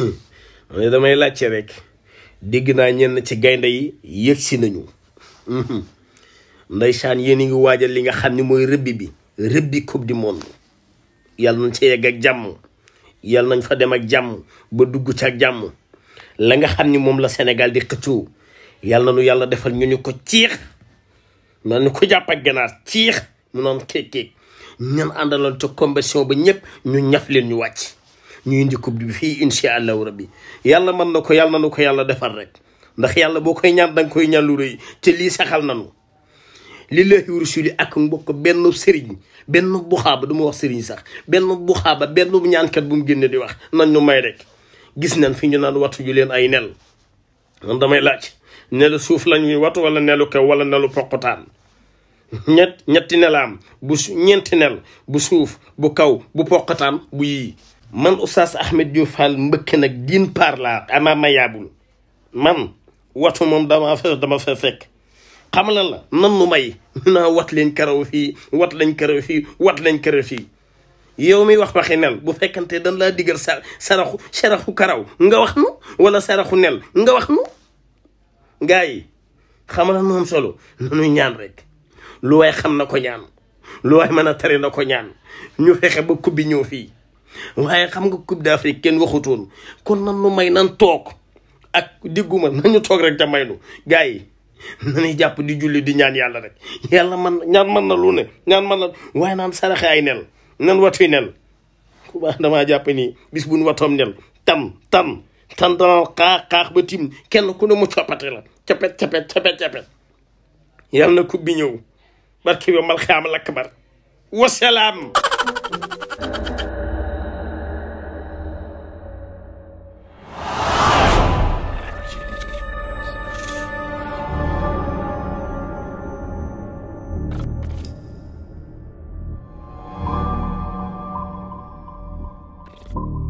ma hmm. ne damay laajte rek dégg naa ñenn ci gaynde yi yëg si nañu hmm. ndeysaan yéen a ngi waajal li nga xam ni mooy rëbbi bi rëbbi coupe du monde yàlla nañ ca yegg ak jàmm yàlla nañ fa dem ak jàmm ba dugg ci ak jàmm la nga xam ni moom la Sénégal di xëccoo yàlla nañu yàlla defal ñu ñu ko ciix man ñu ko jàpp ak ganaar ciix mu noon kéeg ñan àndaloon ca compétition ba ñëpp ñu ñaf leen ñu wàcc ñu indi coupe bi fii incha allahu rabbi yàlla man na ko yàlla na ko yàlla defar rek ndax yàlla boo koy ñaan danga koy ñaan ci lii saxal nanu li laahi rasuli ak mbokk benn sëriñ benn buxaaba du ma wax sëriñ sax benn buxaaba benn ñaankat bu mu génne di wax nan ñu may rek gis nañ fi ñu naan watu ju leen ay nel man damay laaj nelu suuf lañuy ñuy watu wala nelu kaw wala nelu poqotaan ñett ñetti nelaam bu ñeenti nel bu suuf bu kaw bu poqotaan man oustaz Ahmed Diop Fall mbëkk nag diin paar laa ama mayaabul man watu moom dama fa fekk xam lan la nan nu may naa wat leen karaw fii wat lañ karaw fii wat lañ karaw fii yow mi wax waxi nel bu fekkante dañ laa diggal sa saraxu saraxu karaw nga wax nu wala saraxu nel nga wax nu gars yi xamala moom solo nanu ñaan rek lu waay xam na ko ñaan mën a tari na ko ñaan ñu fexe ba kubbi ñëw fii waaye xam nga coupe d'Afrique kenn waxutoon kon nan nu may nan toog ak digguma nañu toog rek te may nu gars yi nañuy jàpp di julli di ñaan yàlla rek yàlla man ñaan mën na lu ne ñaan mën na waaye naan saraxe ay nel nan watuy nel ku baax damaa jàpp ni bis buñ watoom nel tan tan tan dana xaax xaax ba tim kenn ku ne mu coppate la capet capet capet capet yàlla na coupe bi ñëw barki bi mal xaam lakk bar wasalaam Thank you